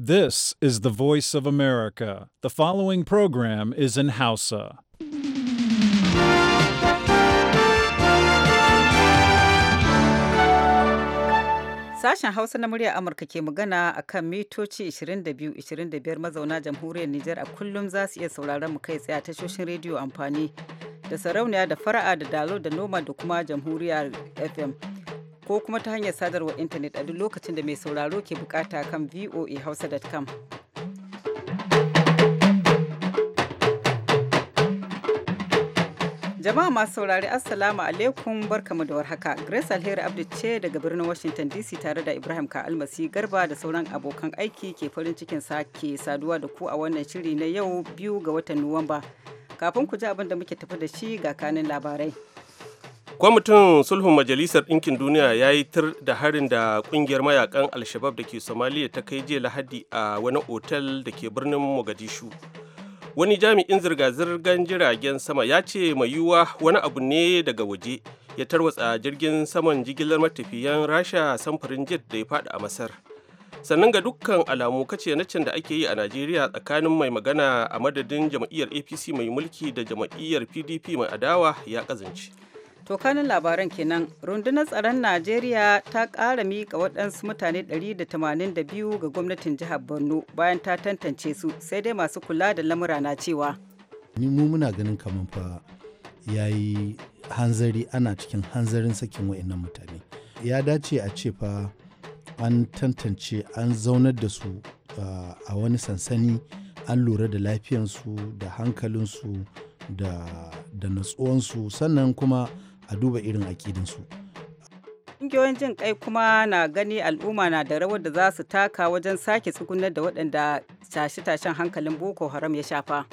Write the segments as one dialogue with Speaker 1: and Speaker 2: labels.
Speaker 1: This is the voice of America. The following program is in Hausa.
Speaker 2: Sashen Hausa na murya Amurka ke magana a kan mitoci 22-25 mazauna jamhuriyar Nijar a kullum za su iya sauraron mu kai tsaye a tashoshin rediyo amfani da sarauniya da fara'a da dalo da noma da kuma jamhuriyar FM. ko kuma ta hanyar sadarwar intanet a duk lokacin da mai sauraro ke bukata kan voahausa.com. Jama'a masu saurari Assalamu alaikum barkamu da warhaka. Grace Alheri Abdu ce daga birnin Washington DC tare da Ibrahim ka almasi Garba da sauran abokan aiki ke farin cikin sake saduwa da ku a wannan shiri na yau biyu ga watan Nuwamba. Kafin ku ji abin da muke tafi da shi ga kanin labarai.
Speaker 3: kwamitin sulhun majalisar ɗinkin duniya ya yi tir da harin da ƙungiyar mayakan alshabab da ke somaliya ta kai jiya lahadi a wani otal da ke birnin mogadishu wani jami'in zirga-zirgar jiragen sama ya ce mai yiwuwa wani abu ne daga waje ya tarwatsa jirgin saman jigilar matafiyan rasha samfurin jet da ya faɗi a masar sannan ga dukkan alamu kace na can da ake yi a najeriya tsakanin mai magana a madadin jam'iyyar apc mai mulki da jam'iyyar pdp mai adawa ya kazance
Speaker 2: To kanin labaran kenan rundunar tsaron Najeriya ta ƙara miƙa waɗansu mutane 182 ga gwamnatin jihar Borno bayan ta tantance su sai dai masu kula da lamura na cewa.
Speaker 4: Ni mu muna ganin kamar fa ya yi hanzari ana cikin hanzarin sakin wa'annan mutane. Ya dace a ce fa an tantance an zaunar da su ah, a wani sansani an lura da lafiyansu da hankalinsu da, da natsuwansu sannan kuma a duba irin aƙidinsu.
Speaker 2: Ƙungiyoyin jin kai kuma na gani al'umma na da rawar da za su taka wajen sake tsugunar da waɗanda tashe-tashen hankalin Boko Haram ya shafa.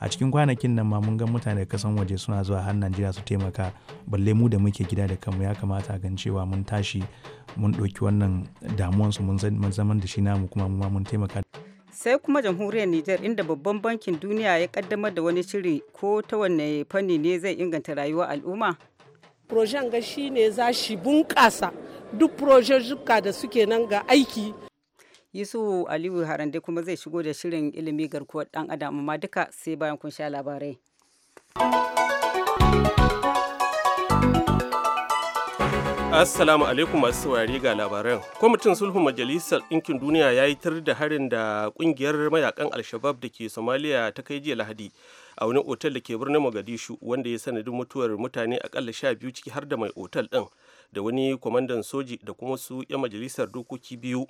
Speaker 1: A cikin kwanakin nan ma mun ga mutane kasan waje suna zuwa har Najeriya su taimaka balle mu da muke gida da kanmu ya kamata gan cewa mun tashi mun ɗauki wannan damuwansu mun zaman da shi namu kuma mu ma mun taimaka.
Speaker 2: sai kuma jamhuriyar Nijar inda babban bankin duniya ya kaddamar da wani shiri ko ta wanne fanni ne zai inganta rayuwar al'umma
Speaker 5: projen ga ne za shi bunƙasa duk projejjuka da suke nan ga aiki
Speaker 2: yusufu aliyu harande kuma zai shigo da shirin ilimi garkuwar dan adam amma duka sai bayan kun sha labarai
Speaker 3: Assalamu alaikum masu saurari ga labaran. Kwamitin sulhun Majalisar Ɗinkin Duniya ya yi tar da harin da ƙungiyar mayakan Alshabab da ke Somalia ta kai jiya Lahadi a wani otal da ke birnin Mogadishu wanda ya sanadin mutuwar mutane akalla sha biyu ciki har da mai otal ɗin da wani kwamandan soji da kuma su 'yan majalisar dokoki biyu.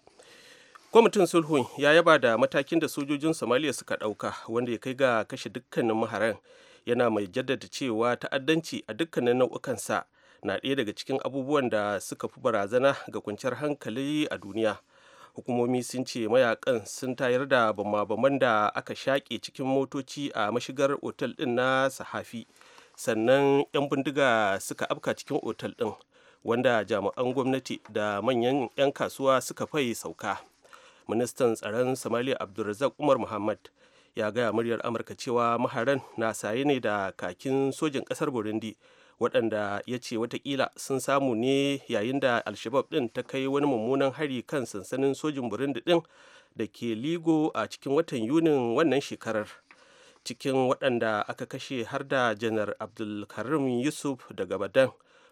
Speaker 3: Kwamitin sulhun ya yaba da matakin da sojojin Somalia suka ɗauka wanda ya kai ga kashe dukkanin maharan yana mai jaddada cewa ta'addanci a dukkanin nau'ukansa. na ɗaya daga cikin abubuwan da suka fi barazana ga kwanciyar hankali a duniya hukumomi sun ce mayakan sun tayar da bama da aka shaƙe cikin motoci a mashigar otal ɗin na sahafi sannan 'yan bindiga suka afka cikin otal ɗin wanda jami'an gwamnati da manyan 'yan kasuwa suka fai sauka ministan tsaron somalia abdulrazak umar muhammad ya gaya muryar amurka cewa maharan na saye ne da kakin sojin ƙasar burundi waɗanda ya ce watakila sun samu ne yayin da alshabab ɗin ta kai wani mummunan hari kan sansanin sojin burundi ɗin da ke ligo a cikin watan yunin wannan shekarar cikin waɗanda aka kashe har da janar abdulkarim yusuf daga badan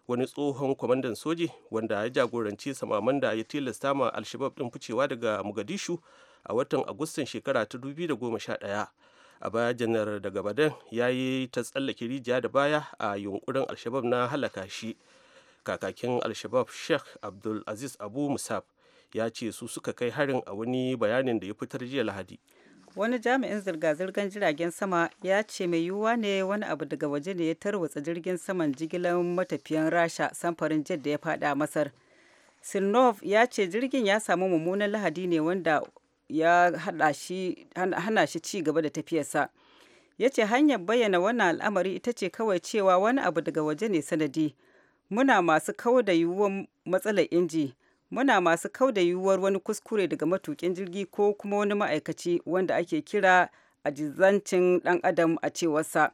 Speaker 3: wani tsohon kwamandan soji wanda ya jagoranci samaman da ya tilasta ma alshabab ɗin ficewa daga mogadishu a watan agustan shekara ta 2011 a baya janar daga badan ya yi ta tsallake rijiya da baya a yunkurin alshabab na halaka shi kakakin alshabab sheikh abdul aziz abu musab ya ce su suka kai harin a wani bayanin da ya fitar jiya lahadi
Speaker 2: wani jami'in zirga-zirgar jiragen sama ya ce mai yiwuwa ne wani abu daga waje ne ya tarwatsa jirgin saman jigilar matafiyan rasha samfarin jet da ya fada masar sinov ya ce jirgin ya samu mummunan lahadi ne wanda ya hana shi ci gaba da tafiyarsa ya ce hanyar bayyana wannan al'amari ita ce kawai cewa wani abu daga waje ne sanadi muna masu kau da yiwuwar matsalar inji muna masu kau da yiwuwar wani kuskure daga matukin jirgi ko kuma wani ma'aikaci wanda ake kira ajizancin dan adam a cewarsa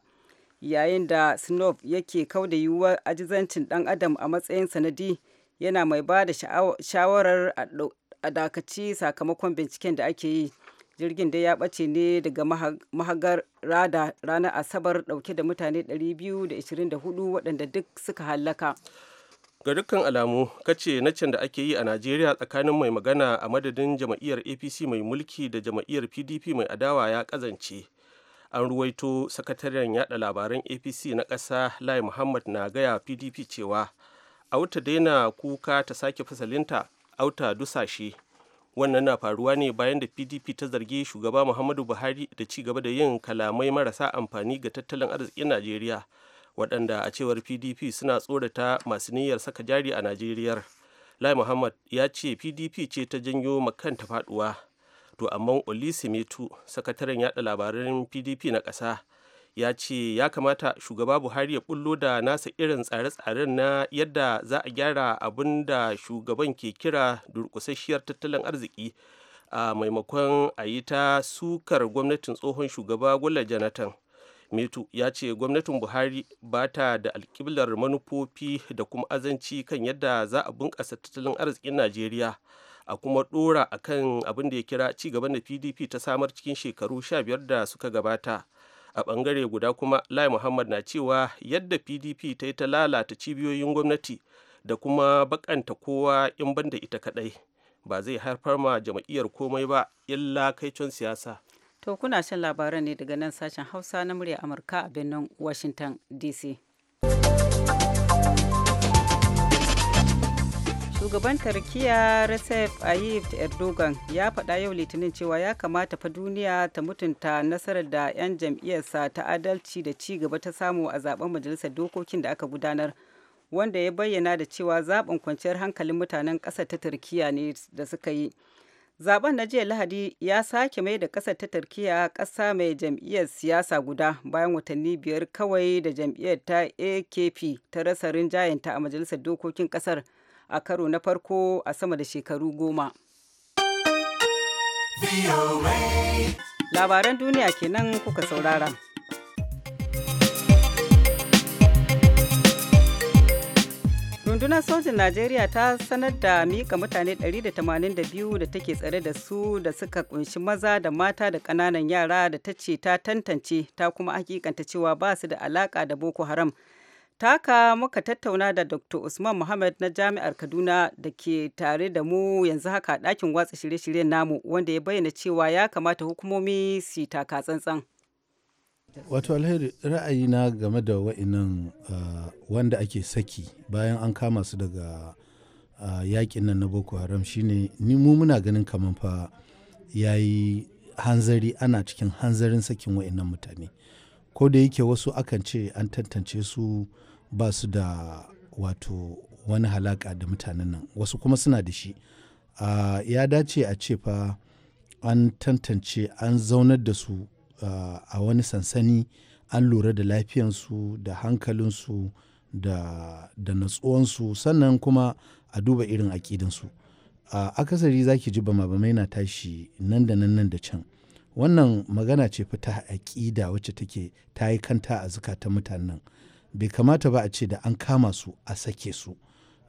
Speaker 2: yayin da snob yake kau da yiwuwar ajizancin dan adam a matsayin sanadi yana mai ba da shawarar a dakaci sakamakon binciken da ake yi jirgin dai ya ɓace ne daga mahagar rada ranar asabar ɗauke da mutane 224 waɗanda duk suka hallaka ga
Speaker 3: dukkan alamu kace na can da ake yi a najeriya tsakanin mai magana a madadin jama'iyyar apc mai mulki da jama'iyyar pdp mai adawa ya kazance an ruwaito sakataren yada labaran apc na ƙasa lai muhammad na gaya pdp cewa a wuta daina kuka ta sake fasalinta auta dusashe wannan na faruwa ne bayan da pdp ta zargi shugaba muhammadu buhari da ci gaba da yin kalamai marasa amfani ga tattalin arzikin najeriya waɗanda a cewar pdp suna tsorata masu niyyar saka jari a najeriya lai muhammad ya ce pdp ce ta janyo ta faduwa to amma olisimetu sakataren yada labaran pdp na ƙasa ya ce ya kamata shugaba buhari ya bullo da nasa irin tsare-tsaren na yadda za a gyara abin da shugaban ke kira durkusasshiyar tattalin arziki a maimakon a yi ta sukar gwamnatin tsohon shugaba gwala jonathan metu ya ce gwamnatin buhari ba ta da alkiblar manufofi da kuma azanci kan yadda za a bunƙasa tattalin arzikin najeriya a kuma ɗora akan kan abin da ya kira ci gaban da pdp ta samar cikin shekaru 15 da suka gabata a bangare guda kuma lai muhammad na cewa yadda pdp ta yi ta lalata cibiyoyin gwamnati da kuma bakanta kowa in banda ita kadai ba zai haifar ma jam'iyyar komai ba illa kaicon siyasa
Speaker 2: to kuna shan labaran ne daga nan sashen hausa na murya amurka a birnin washington dc shugaban turkiya recep ayyub erdogan ya faɗa yau litinin cewa ya kamata fa duniya ta mutunta nasarar da 'yan jam'iyyarsa ta adalci da ci gaba ta samu a zaben majalisar dokokin da aka gudanar wanda ya bayyana da cewa zaben kwanciyar hankalin mutanen ƙasar ta turkiya ne da suka yi zaben na jiya lahadi ya sake mai da ƙasar ta turkiya ƙasa mai jam'iyyar siyasa guda bayan watanni biyar kawai da jam'iyyar ta akp ta rasa rinjayenta a majalisar dokokin ƙasar a karo na farko a sama da shekaru goma. Labaran duniya kenan kuka saurara. rundunar sojin najeriya ta sanar da miƙa mutane 182 da take tsare da su da suka kunshi maza da mata da ƙananan yara da ta ce ta tantance ta kuma hakikanta cewa ba su da alaka da boko haram taka muka tattauna da dr usman muhammad na jami'ar kaduna da ke tare da mu yanzu haka ɗakin watsa shirye-shiryen namu wanda ya bayyana cewa ya kamata hukumomi su taka tsantsan
Speaker 4: wato alheri ra'ayina game da wa'inan ah, wanda ake saki bayan an kama su daga uh, yakin nan na boko haram shine ni mu muna ganin kamar fa yayi hanzari ana cikin hanzarin sakin wa'inan mutane ko da yake wasu akan ce an tantance su ba su da wato wani halaka da mutanen nan wasu kuma suna da shi uh, ya dace a ce fa an tantance an zaunar da su a wani sansani an lura da lafiyansu da hankalinsu da, da natsuwansu sannan kuma a duba irin aƙidinsu uh, akasari za ki ji bama na tashi nan da nan nan da can wannan magana ce fita aƙida wacce take ta yi kanta a zukatan mutanen bai kamata ba a ce da an kama su a sake su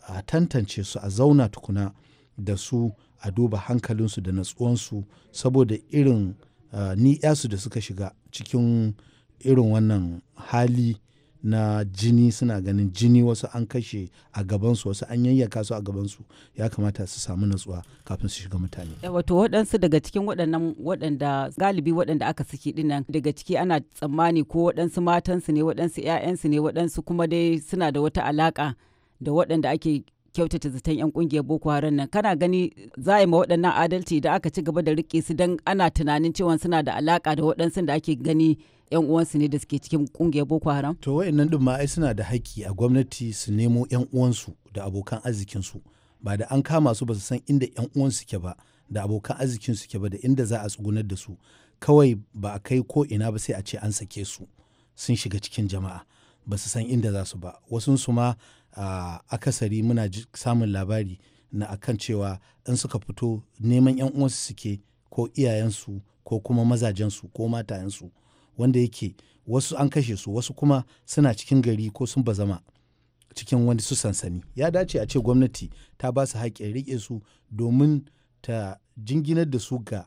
Speaker 4: a tantance su a zauna tukuna da su a duba hankalinsu da natsuwansu saboda irin uh, ni'yasu da suka shiga cikin irin wannan hali na jini suna ganin jini wasu an kashe a gabansu wasu an yayyaka su a gabansu ya kamata su samu natsuwa kafin su shiga mutane.
Speaker 2: Eh, wato waɗansu daga cikin waɗannan waɗanda galibi waɗanda aka saki dinnan daga ciki ana tsammani ko waɗansu matansu ne waɗansu 'ya'yansu ne waɗansu kuma dai suna da wata alaƙa da waɗanda ake kyautata zaton 'yan kungiyar boko haram nan kana gani za a yi ma waɗannan adalci da aka ci gaba da rike su don ana tunanin cewa suna da alaka da waɗansu da ake gani 'yan uwansu ne da suke cikin kungiyar boko haram to
Speaker 4: wayannan din ma ai suna da haƙƙi a gwamnati su nemo 'yan uwansu da abokan arzikin su ba da an kama su ba su san inda 'yan uwansu ke ba da abokan arzikin su ke ba da inda za a tsugunar da su kawai ba a kai ko ina ba sai a ce an sake su sun shiga cikin jama'a ba su san inda za su ba wasu su ma a akasari muna samun labari na akan cewa in suka fito neman 'yan uwansu suke ko iyayensu ko kuma mazajensu ko matayensu wanda yake wasu an kashe su wasu kuma suna cikin gari ko sun ba zama cikin wani su sansani ya dace a ce gwamnati ta ba su haƙƙin riƙe su domin ta jinginar da su ga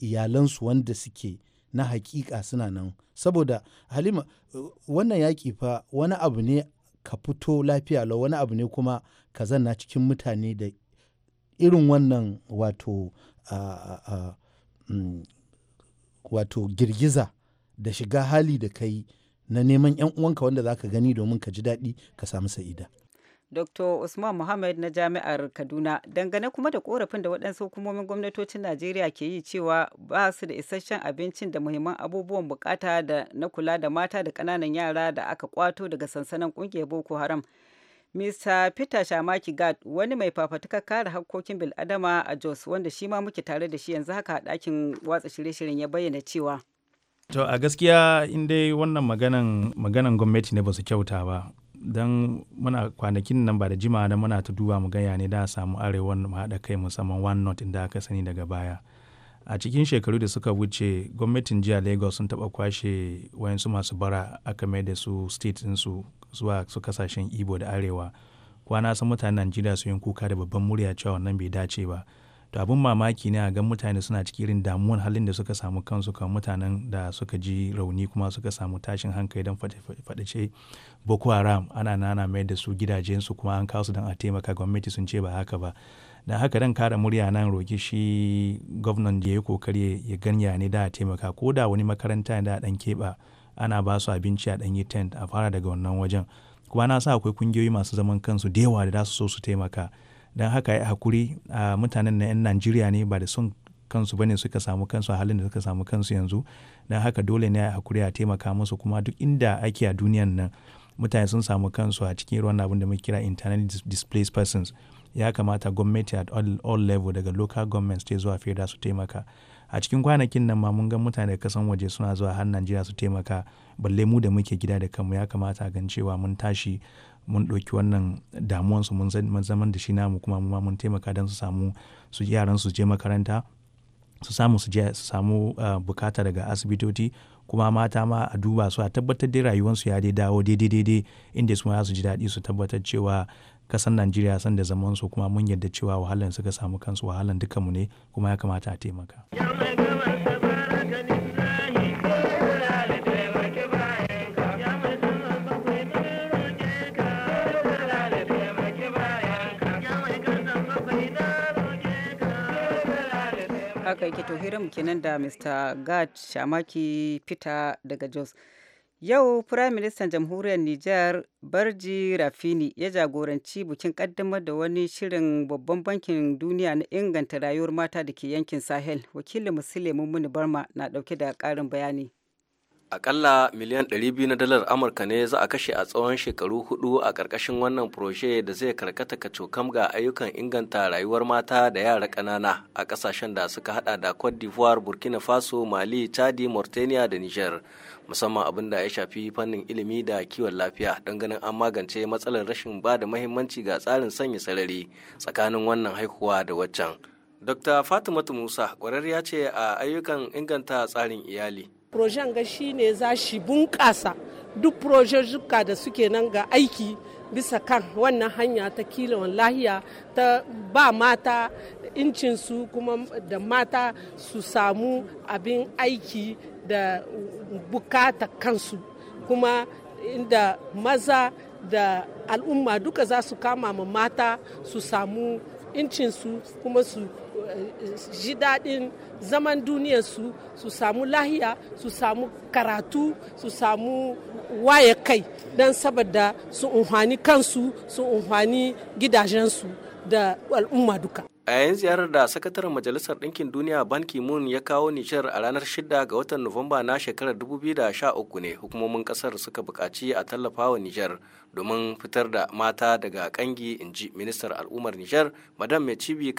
Speaker 4: iyalansu wanda suke na hakika suna nan saboda halima wannan yaƙi fa wani abu ne ka fito lafiya lau wani abu ne kuma ka zanna cikin mutane da irin wannan wato mm, wato girgiza da shiga hali da kai na neman 'yan uwanka wanda za ka gani domin ka ji daɗi ka samu sa'ida.
Speaker 2: Dr. Usman Muhammad na Jami'ar Kaduna dangane kuma da korafin da waɗansu hukumomin gwamnatocin Najeriya ke yi cewa ba su da isasshen abincin da muhimman abubuwan bukata da na kula da mata da ƙananan yara da aka kwato daga sansanin ƙungiyar Boko Haram. Mr. Peter Shamaki Gad wani mai fafatukar kare hakkokin bil'adama a Jos wanda shi ma muke tare da shi yanzu haka a ɗakin watsa shirye-shiryen ya bayyana cewa.
Speaker 1: To a gaskiya in dai wannan maganan gwamnati ne ba su kyauta ba don muna kwanakin nan ba da jima da muna ta duba mu gaya ne da samu arewan mu haɗa kai musamman one not inda aka sani daga baya a cikin shekaru da suka wuce gwamnatin jiya lagos sun taɓa kwashe wayansu masu bara aka mai da su state su zuwa su kasashen ibo da arewa kwana san mutanen najeriya su yin kuka da babban murya cewa wannan bai dace ba to abin mamaki ne a gan mutane suna cikin irin damuwan halin da suka samu kansu kan mutanen da suka ji rauni kuma suka samu tashin hankali don faɗace boko haram ana nana mai da su gidajensu kuma an kawo su don a taimaka gwamnati sun ce ba haka ba da haka dan kara murya nan roki shi gwamnan da ya yi kokari ya ganya ne da a taimaka ko da wani makaranta da a dan keɓa ana ba su abinci a dan yi tent a fara daga wannan wajen kuma na sa akwai kungiyoyi masu zaman kansu da yawa da za su so su taimaka don haka ya hakuri a mutanen na 'yan najeriya ne ba da sun kansu bane suka samu kansu a halin da suka samu kansu yanzu don haka dole ne a hakuri a taimaka musu kuma duk inda ake a duniyan nan mutane sun samu kansu a cikin ruwan abin da muke kira internet displaced persons ya kamata gwamnati at all, all level daga local government ta zuwa feda su taimaka a cikin kwanakin nan ma mun ga mutane da kasan waje suna zuwa har najeriya su taimaka balle mu da muke gida da kanmu ya kamata gan cewa mun tashi mun ɗauki wannan damuwansu mun zaman da shi namu kuma mu ma mun taimaka don su samu su yaran su je makaranta su samu su je su samu eh, bukata daga asibitoci kuma mata ma a duba su a tabbatar da rayuwarsu ya dai dawo daidai daidai inda su ma su ji daɗi su tabbatar cewa kasan Najeriya san da zaman su kuma mun yadda cewa wahalan suka samu kansu wahalan dukkanmu ne kuma ya kamata a taimaka.
Speaker 2: haka yake to hiram kenan da mr gad shamaki fita daga jos yau Prime ministan jamhuriyar Nijar, barji rafini ya jagoranci bikin kaddamar da wani shirin babban bankin duniya na inganta rayuwar mata da ke yankin sahel wakilin musulmi muni barma na dauke da karin bayani
Speaker 6: Akalla miliyan 200 na dalar Amurka ne za a kashe a tsawon shekaru hudu a ƙarƙashin wannan furoshe da zai karkata kacokam ga ayyukan inganta rayuwar mata da yara ƙanana a ƙasashen da suka hada da Cote d'Ivoire, Burkina Faso, Mali, Chadi, Mauritania da Niger. Musamman abin da ya shafi fannin ilimi da kiwon lafiya don ganin an magance matsalar rashin ba da mahimmanci ga tsarin sanya sarari tsakanin wannan haihuwa da waccan. Dr. Fatimatu Musa ƙwararriya ce a ayyukan inganta tsarin iyali.
Speaker 5: Projen ga shi ne za shi bunƙasa duk projejuka da suke nan ga aiki bisa kan wannan hanya ta kilon lahiya ta ba mata incinsu kuma da mata su samu abin aiki da bukata kansu kuma inda maza da al'umma duka za su kama ma mata su samu incinsu kuma su ji daɗin zaman duniyarsu su samu lahiya su samu karatu su samu waye kai don saboda su umfani kansu su umhani gidajensu da al'umma duka
Speaker 6: a yayin ziyarar da sakataren majalisar ɗinkin duniya ban ki-moon ya kawo nishar a ranar 6 ga watan nuwamba na shekarar 2013 ne hukumomin kasar suka buƙaci a tallafa wa nijar domin fitar da mata daga ƙangi in ji ministar al'ummar nijar madam mai cibi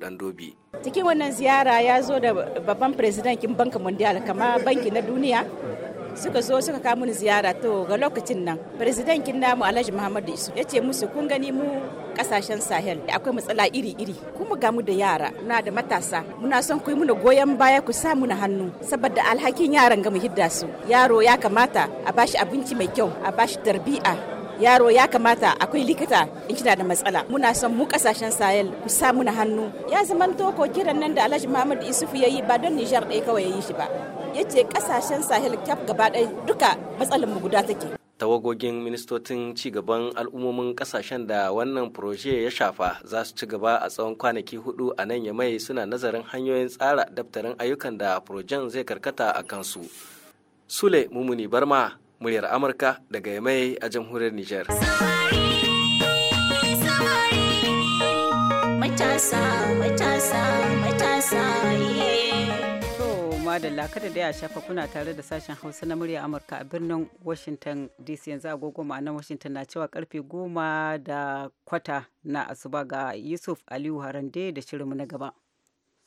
Speaker 6: dandobi
Speaker 2: cikin wannan ziyara ya zo da babban firistinan banki banka mundial kama banki na duniya suka zo suka kawo mini ziyara to ga lokacin nan president kin namu Alhaji Muhammadu Isu ya ce musu kun gani mu kasashen Sahel akwai matsala iri-iri kuma ga mu da yara muna da matasa muna son ku yi muna goyon baya ku sa muna hannu saboda alhakin yaran ga mu hidda su yaro ya kamata a bashi abinci mai kyau a bashi tarbiya yaro ya kamata akwai likita in kina da matsala muna son mu kasashen sahel ku sa muna hannu ya zaman toko kiran nan da alhaji muhammad isufu ya yi ba don nijar ɗaya kawai ya yi shi ba ya ce kasashen sahel kyaf gaba ɗaya duka matsalar mu guda take
Speaker 6: tawagogin ministocin cigaban al'ummomin kasashen da wannan proje ya shafa za su ci gaba a tsawon kwanaki hudu a nan ya mai suna nazarin hanyoyin tsara daftarin ayyukan da projen zai karkata a kansu sule mumuni barma muryar amurka daga yamai a jamhuriyar niger
Speaker 2: madalla kada da ya shafa kuna tare da sashen hausa na murya amurka a birnin washington dc yanzu agogo ma'anar washington na cewa karfe goma da kwata na asuba ga yusuf aliyu harande da shirinmu na gaba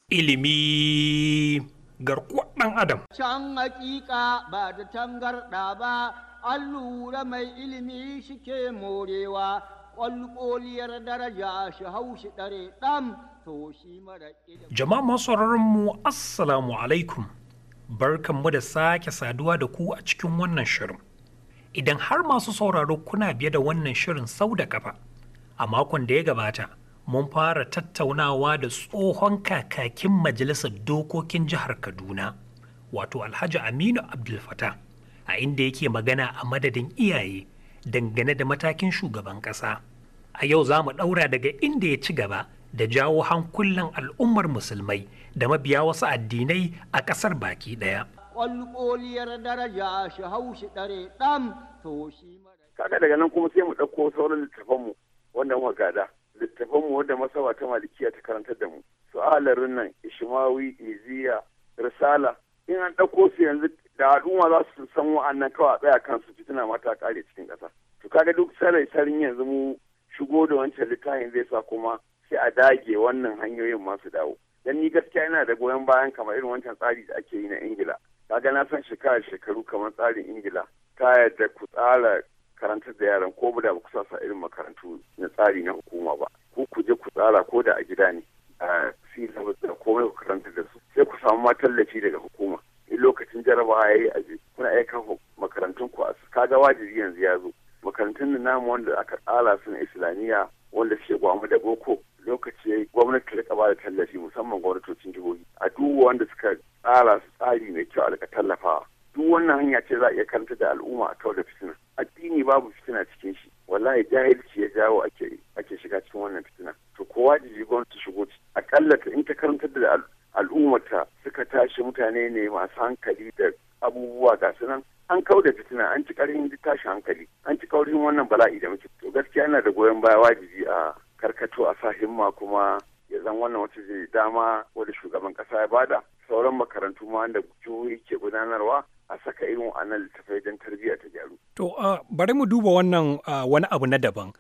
Speaker 7: ilimi garkuwar ɗan adam.
Speaker 6: Can hakika ba da tangarɗa ba, an lura mai ilimi shi ke morewa, ƙwalƙoliyar daraja shi haushi ɗare ɗan to shi mara
Speaker 7: Jama'a masu mu Assalamu alaikum. Barkanmu da sake saduwa da ku a cikin wannan shirin. Idan har masu sauraro kuna biye da wannan shirin sau da kafa, a makon da ya gabata, mun fara tattaunawa da tsohon kakakin majalisar dokokin jihar kaduna wato alhaji aminu abdulfata a inda yake magana a madadin iyaye dangane da matakin shugaban ƙasa a yau za mu ɗaura daga inda ya ci gaba da jawo hankulan al'ummar musulmai da mabiya wasu addinai
Speaker 8: a ƙasar baki ɗaya.
Speaker 6: Ƙwalƙoliyar daraja shi
Speaker 8: Kaga daga nan kuma sai mu ɗauko sauran littafanmu wannan wagada. littafan mu da masaba ta malikiya ta karantar da mu su nan ishmawi iziya risala in an ɗauko su yanzu da al'umma za su san wa'annan kawai a tsaya kansu fitina mata kare cikin ƙasa to kaga duk sarai sarin yanzu mu shigo da wancan littafin zai sa kuma sai a dage wannan hanyoyin masu dawo dan ni gaskiya ina da goyon bayan kamar irin wancan tsari da ake yi na ingila kaga na san shekarar shekaru kamar tsarin ingila ta yadda ku tsara karantar da yaran ko da ba ku sa irin makarantu na tsari na hukuma ba ku ku je ku tsara ko da a gida ne a syllabus da komai ku karantar da su sai ku samu ma tallafi daga hukuma in lokacin jarabawa ya yi aji kuna aika makarantun ku a kaga wajibi yanzu ya zo makarantun namu wanda aka tsara su na islamiyya wanda suke gwamu da boko lokaci ya gwamnati ta ba da tallafi musamman gwamnatocin jihohi a duk wanda suka tsara su tsari mai kyau a tallafawa duk wannan hanya ce za a iya karanta da al'umma a kawar da fitina addini babu fitina cikin shi wallahi jahilci ya jawo ake ake shiga cikin wannan fitina to kowa jiji gwamnati shigo ci akalla ta in ta karantar da al'ummata suka tashi mutane ne masu hankali da abubuwa ga su an kau da fitina an ci duk tashi hankali an ci kaurin wannan bala'i da muke to gaskiya yana da goyon baya wajibi a karkato a sa himma kuma ya zan wannan wata dama wani shugaban kasa ya bada sauran makarantu ma da jihohi ke gudanarwa a saka irin wa'annan littattafai don tarbiyya ta gyaru.
Speaker 7: To bari mu duba wannan wani abu na daban.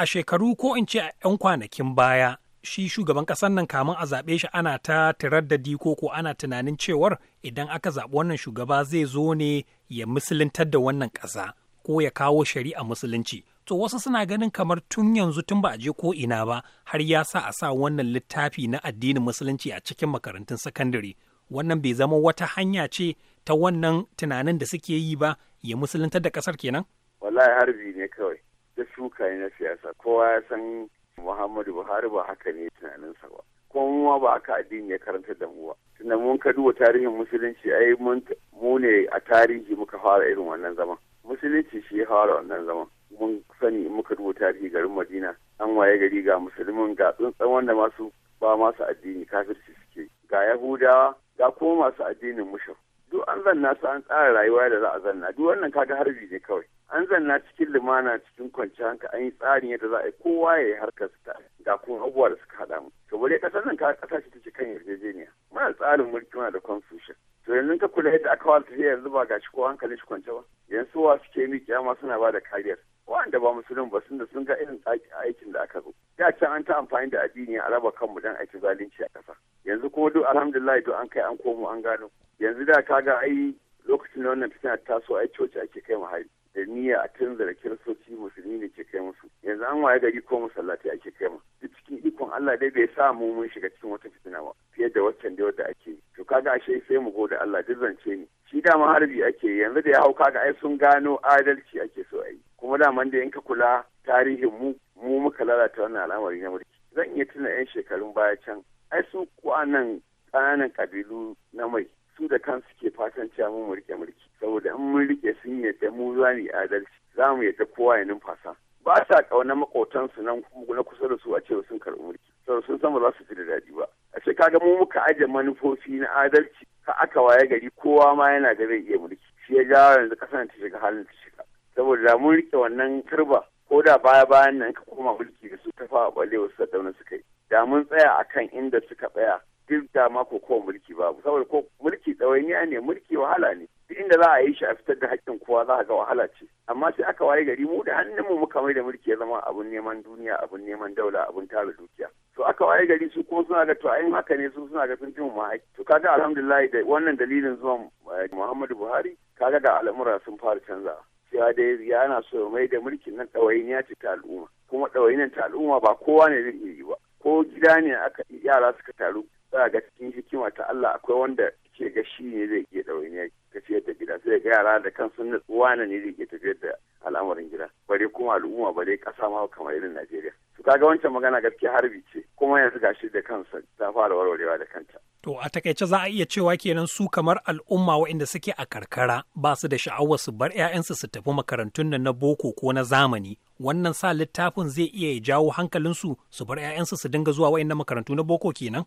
Speaker 8: A shekaru ko in ce a 'yan
Speaker 7: kwanakin baya shi shugaban ƙasar nan kamun a zaɓe shi ana ta tirar da diko ko ana tunanin cewar idan aka zaɓi wannan shugaba zai zo ne ya musuluntar da wannan ƙasa ko ya kawo shari'a musulunci. To wasu suna ganin kamar tun yanzu tun ba a je ko ina ba har ya sa a sa wannan littafi na addinin musulunci a cikin makarantun sakandare. Wannan bai zama wata hanya ce ta wannan tunanin da suke yi ba ya musuluntar da ƙasar kenan?
Speaker 8: Wallahi harbi ne kawai, da shuka ne na siyasa, kowa ya san Muhammadu Buhari ba haka ne tunaninsa ba. Kuma ba haka addini ya karanta da mu ba. Tunan mun ka duba tarihin musulunci ai mu ne a tarihi muka fara irin wannan zaman. Musulunci shi ya fara wannan zaman. Mun sani muka duba tarihi garin Madina an waye gari ga musulmin ga tsuntsan wanda masu ba masu addini kafirci suke ga yahudawa ga kuma masu addinin mushaf duk an zanna su an tsara rayuwa da za a zanna duk wannan kaga harbi ne kawai an zanna cikin lumana cikin kwanciyar hankali an yi tsarin yadda za a yi kowa ya yi harkar su ga kuma abubuwa da suka haɗa mu to bare kasar nan ka kasa ce ta kan yarjejeniya muna tsarin mulki muna da constitution to yanzu ka kula yadda aka wata yanzu ba gashi ko hankali shi kwance ba yanzu wa suke mi kyama suna ba da kariyar wanda ba musulun ba sun da sun ga irin aikin da aka zo da can an ta amfani da addini a raba kanmu don aiki zalunci a ƙasa yanzu kuma duk alhamdulillah duk an kai an komo an gano yanzu da ka ga ai lokacin da wannan fitina ta so ai coci ake kai mu hari da niyya a tunzura kiristoci musulmi ne ke kai musu yanzu an waye gari ko masallatai ake kai mu duk cikin ikon Allah dai bai sa mu mun shiga cikin wata fitina ba fiye da waccan da wadda ake yi kaga ashe sai mu gode Allah duk zance ne shi da harbi ake yanzu da ya hau kaga ai sun gano adalci ake so a yi kuma daman da in ka kula tarihin mu mu muka lalata wannan al'amari na mulki zan iya tuna yan shekarun baya can ai su kwanan kananan kabilu na mai su da kan suke fatan cewa mu rike mulki saboda in mun rike sun yadda mu zani adalci za mu yadda kowa ya numfasa ba sa ƙaunar maƙotansu nan na kusa da su a cewa sun karɓi mulki to sun san ba za su fi da daɗi ba a ce kaga mu muka aje manufofi na adalci ka aka waye gari kowa ma yana da zai iya mulki shi ya ja yanzu kasan ta shiga halin ta shiga saboda mun rike wannan turba ko da baya bayan nan ka koma mulki da su tafa a bale wasu sadauna suka yi da mun tsaya a kan inda suka tsaya duk da ma ko kowa mulki babu saboda ko mulki tsawainiya ne mulki wahala ne duk inda za a yi shi a fitar da haƙƙin kowa za a ga wahala ce amma sai aka waye gari mu da hannunmu muka mai da mulki ya zama abun neman duniya abun neman daula abun tara dukiya to aka waye gari su kuma suna ga to ayin haka ne su suna ga sun ji mu to kaga alhamdulillah da wannan dalilin zuwan eh, Muhammadu Buhari kaga da al'amura sun fara canza cewa dai yana so mai da mulkin nan ɗawainiya ce ta al'umma kuma ɗawainiyar ta al'umma ba kowa ne zai yi ba ko gida ne aka yara suka taru za ga cikin hikima ta Allah akwai wanda ke ga shi ne zai iya ɗawainiya tafiyar da gida sai ga yara da kansu natsuwa ne zai iya tafiyar da al'amarin gida bare kuma al'umma bare kasa ma kamar irin Najeriya kaga wancan magana gaskiya harbi ce kuma yanzu gashi da kansa ta fara warwarewa da kanta
Speaker 7: to a takaice za a iya cewa kenan su kamar al'umma waɗanda suke a karkara ba su da sha'awar su bar 'ya'yansu su tafi makarantun nan na boko ko na zamani wannan sa littafin zai iya jawo hankalinsu su bar 'ya'yansu su dinga zuwa waɗannan makarantu na boko kenan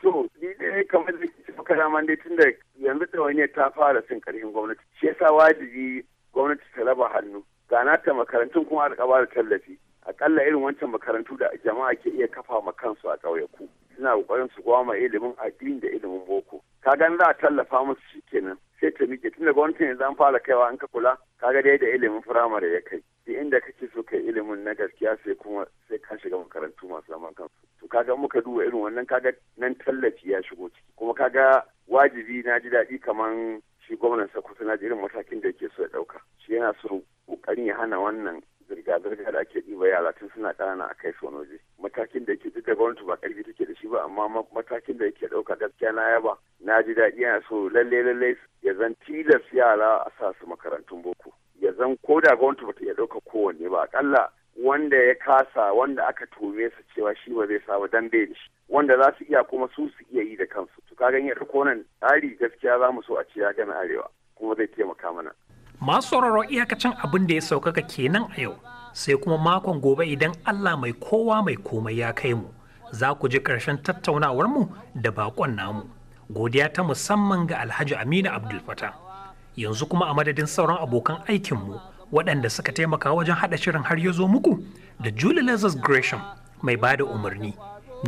Speaker 8: to ni dai kamar da kuka dama dai tunda yanzu da wani ta fara cin ƙarfin gwamnati shi yasa wajibi gwamnati ta raba hannu ga ta makarantun kuma a da tallafi akalla irin wancan makarantu da jama'a ke iya kafa ma kansu a ƙauyaku suna ƙoƙarin su gwama ilimin addini da ilimin boko ka ga za a tallafa musu shi kenan sai ta miƙe tun da gwamnatin yanzu an fara kaiwa an ka kula ka ga dai da ilimin firamare ya kai duk inda kake so kai ilimin na gaskiya sai kuma sai ka shiga makarantu masu zaman kansu to kaga muka duba irin wannan kaga nan tallafi ya shigo ciki kuma kaga wajibi na ji daɗi kaman shi gwamnan sakwato na irin matakin da yake so ya ɗauka shi yana so ƙoƙarin ya hana wannan zirga-zirga da ake ɗiba yara tun suna ƙarana a kai su wani waje matakin da yake duk da gwamnati ba ƙarfi take da shi ba amma matakin da yake ɗauka gaskiya na yaba na ji daɗi yana so lalle lalle ya zan tilas yara a sa su makarantun boko ya zan ko da gwamnati bata iya ɗauka kowanne ba aƙalla wanda ya kasa wanda aka ture su cewa shi ba zai sa dan bai da shi wanda za su iya kuma su su iya yi da kansu to ka ganin ya ɗauko nan tsari gaskiya za mu so a ce ya gana arewa kuma zai taimaka mana
Speaker 7: masu sauraro iyakacin abin da ya saukaka kenan a yau sai kuma makon gobe idan Allah mai kowa mai komai ya kai mu za ku ji ƙarshen mu da bakon namu godiya ta musamman ga alhaji aminu abdulfata yanzu kuma a madadin sauran abokan aikinmu waɗanda suka taimaka wajen haɗa shirin har ya zo muku da julie lazarus gresham mai ba da umarni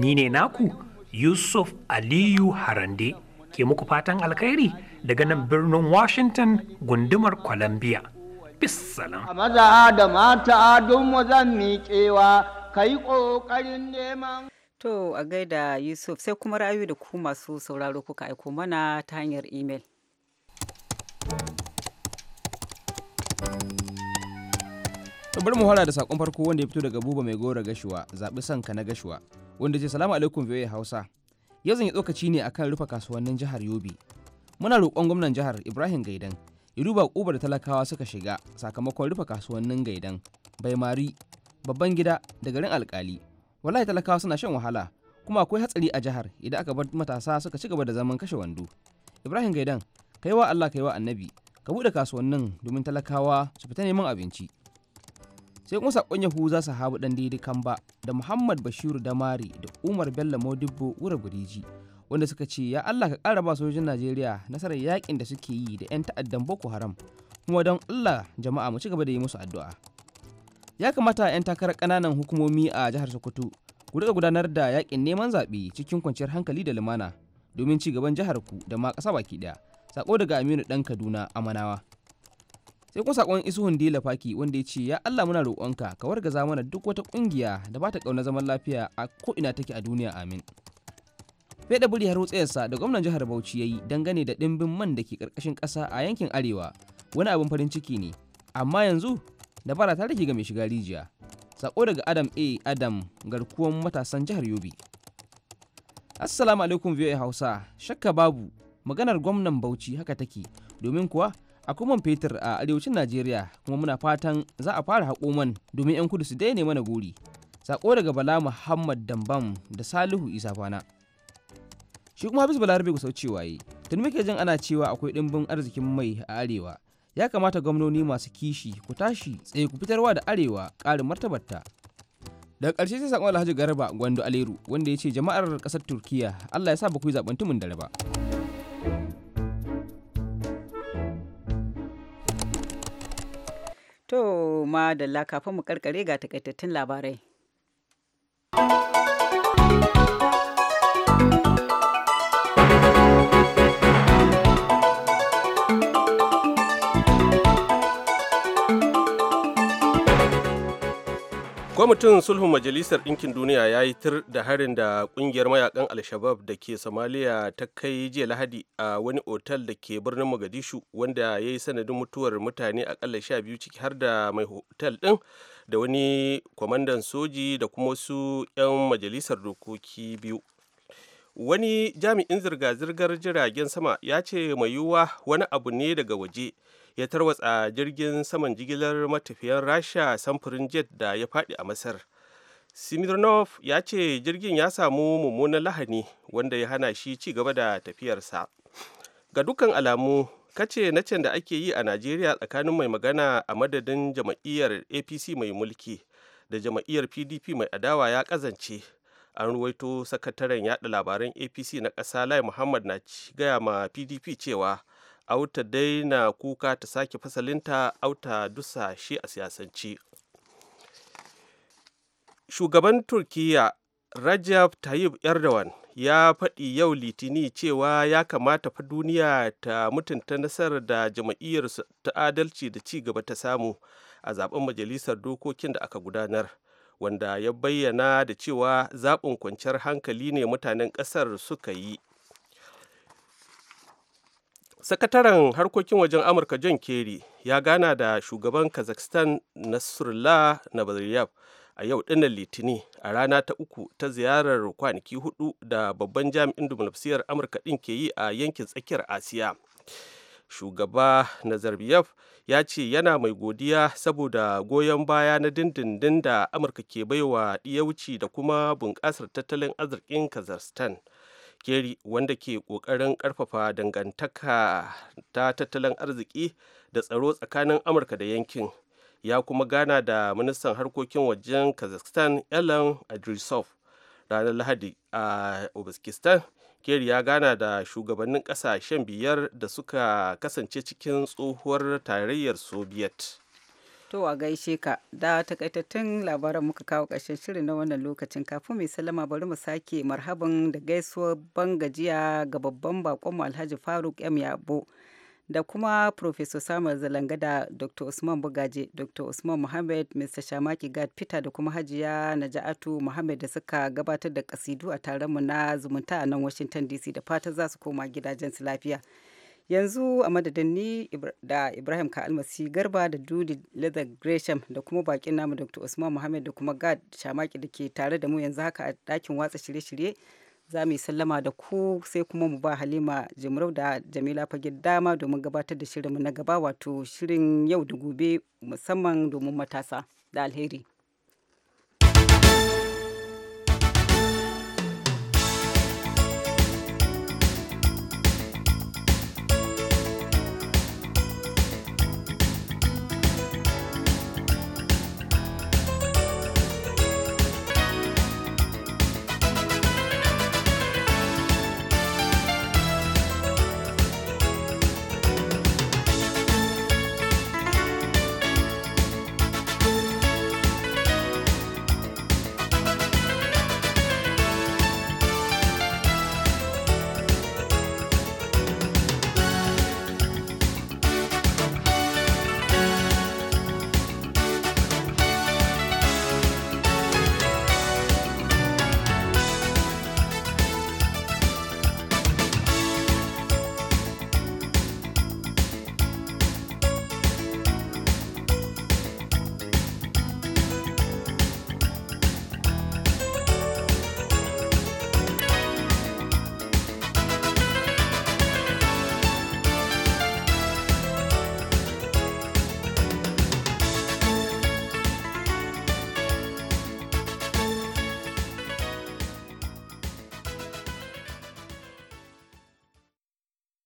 Speaker 7: ni ne naku yusuf aliyu harande ke muku fatan alkhairi daga nan birnin Washington gundumar Columbia. Bissalam. A maza da
Speaker 2: mata don wazan zan miƙewa kai ƙoƙarin neman. To a gaida Yusuf sai kuma rayu da ku masu sauraro kuka aiko mana ta hanyar imel.
Speaker 9: bari mu hara da sakon farko wanda ya fito daga buba mai gora gashuwa zaɓi sanka na gashuwa wanda ce salamu alaikum biyoyi hausa yau zan yi tsokaci ne akan rufe kasuwannin jihar yobe muna roƙon gwamnan jihar ibrahim gaidan ya duba ƙubar da talakawa suka shiga sakamakon rufe kasuwannin gaidan baimari babban gida da garin alkali wallahi talakawa suna shan wahala kuma akwai hatsari a jihar idan aka bar matasa suka ci gaba da zaman kashe wando ibrahim gaidan kai wa allah kai wa annabi ka buɗe kasuwannin domin talakawa su fita neman abinci sai kuma sakon yahuza sahabu ɗan daidai kamba da muhammad bashiru damari da umar bello modibbo wura guriji wanda suka ce ya Allah ka ƙara ba sojojin Najeriya nasarar yakin da suke yi da 'yan ta'addan Boko Haram kuma don Allah jama'a mu ci gaba da yi musu addu'a. Ya kamata 'yan takarar ƙananan hukumomi a jihar Sokoto ku riƙa gudanar da yakin neman zaɓe cikin kwanciyar hankali da lumana domin ci gaban jihar ku da ma ƙasa baki ɗaya. Sako daga Aminu ɗan Kaduna Amanawa. sai kuma sakon isuhun hundi lafaki wanda ya ce ya Allah muna roƙonka ka wargaza mana duk wata ƙungiya da ba ta ƙauna zaman lafiya a ko'ina take a duniya amin Fede buri har wutsayarsa da gwamnan jihar Bauchi ya yi dangane da ɗimbin man da ke ƙarƙashin ƙasa a yankin Arewa wani abin farin ciki ne, amma yanzu dabara ta rage ga mai shiga rijiya. Sako daga Adam A. Adam garkuwan matasan jihar Yobe. Assalamu alaikum VOA Hausa, shakka babu maganar gwamnan Bauchi haka take domin kuwa akwai man fetur a arewacin Najeriya kuma muna fatan za a fara haƙo man domin 'yan kudu su daina mana gori. Sako daga Bala Muhammad Dambam da Salihu Isa Fana. shi kuma hafiz balarabe ku sauce waye tun muke jin ana cewa akwai dimbin arzikin mai a arewa ya kamata gwamnoni masu kishi ku tashi tsaye ku fitarwa da arewa ƙarin martabarta daga ƙarshe sai sakon alhaji garba gwando aleru wanda ya ce jama'ar kasar turkiya allah ya sa ba ku yi zaɓen tumin dare ba
Speaker 2: to madalla kafin mu karkare ga takaitattun labarai
Speaker 3: kwamitin sulhun majalisar ɗinkin duniya ya yi tir da harin da ƙungiyar mayakan alshabab da ke somaliya ta kai jiya lahadi a wani otal da ke birnin mogadishu wanda ya yi sanadin mutuwar mutane akalla sha biyu ciki har da mai otal ɗin da wani kwamandan soji da kuma wasu 'yan majalisar dokoki biyu wani jami'in zirga-zirgar jiragen sama ya ce mai yiwuwa wani abu ne daga waje ya tarwatsa jirgin saman jigilar matafiyan rasha samfurin jet da ya fadi a masar simirnov ya ce jirgin ya samu mummunan lahani wanda ya hana shi ci gaba da tafiyarsa ga dukkan alamu kace na can da ake yi a najeriya tsakanin mai magana a madadin jama'iyyar apc mai mulki da jama'iyyar pdp mai adawa ya kazance an ruwaito sakataren yada labaran apc na ƙasa lai muhammad na gaya ma pdp cewa auta daina kuka ta sake fasalinta auta dusa shi a siyasance shugaban turkiyya rajab tayyip erdogan ya faɗi yau litini cewa ya kamata fa duniya ta mutunta nasarar da jama'iyyar ta adalci da ci gaba ta samu a zaben majalisar dokokin da aka gudanar wanda ya bayyana da cewa zaɓin kwanciyar hankali ne mutanen ƙasar suka yi sakataren harkokin wajen amurka john kerry ya gana da shugaban kazakhstan nasrullah nabaryab a yau dinnan litini a rana ta uku ta ziyarar kwanaki hudu da babban jami'in diflomasiyyar amurka din ke yi a yankin tsakiyar asiya shugaba nazarbayev ya ce yana mai godiya saboda goyon baya na dindindin da amurka ke baiwa wuce da kuma bunƙasar tattalin arzikin kazakhstan Kerry wanda ke ƙoƙarin ƙarfafa dangantaka ta tattalin arziki da tsaro tsakanin Amurka da yankin. Ya kuma gana da ministan harkokin wajen Kazakhstan Ellen Adrisov ranar Lahadi a Uzbekistan. Kerry ya gana da shugabannin ƙasashen biyar da suka kasance cikin tsohuwar tarayyar Soviet.
Speaker 2: To a gaishe ka da takaitattun labaran muka kawo ƙarshen shirin na wannan lokacin kafin mai sallama bari mu sake marhaban da gaisuwar ban gajiya ga babban bakonmu Alhaji Faruk M Yabo da kuma Professor Samuel Zalanga da Dr. Usman Bugaje, Dr. Usman Muhammad, Mr. Shamaki Gad Peter da kuma Hajiya Naja'atu Muhammad da suka gabatar da kasidu a taron mu na zumunta a nan Washington DC da fata za su koma gidajen su lafiya. yanzu a madadin ni da ibrahim ka almasi garba da dudi leather gresham da kuma bakin namu dr usman muhammad da kuma gad shamaki da ke tare da mu yanzu haka a dakin watsa shirye-shirye za mu yi sallama da ku sai kuma mu ba halima jimrau da jamila fage dama domin gabatar da shirinmu na gaba wato shirin yau da gobe musamman domin matasa da alheri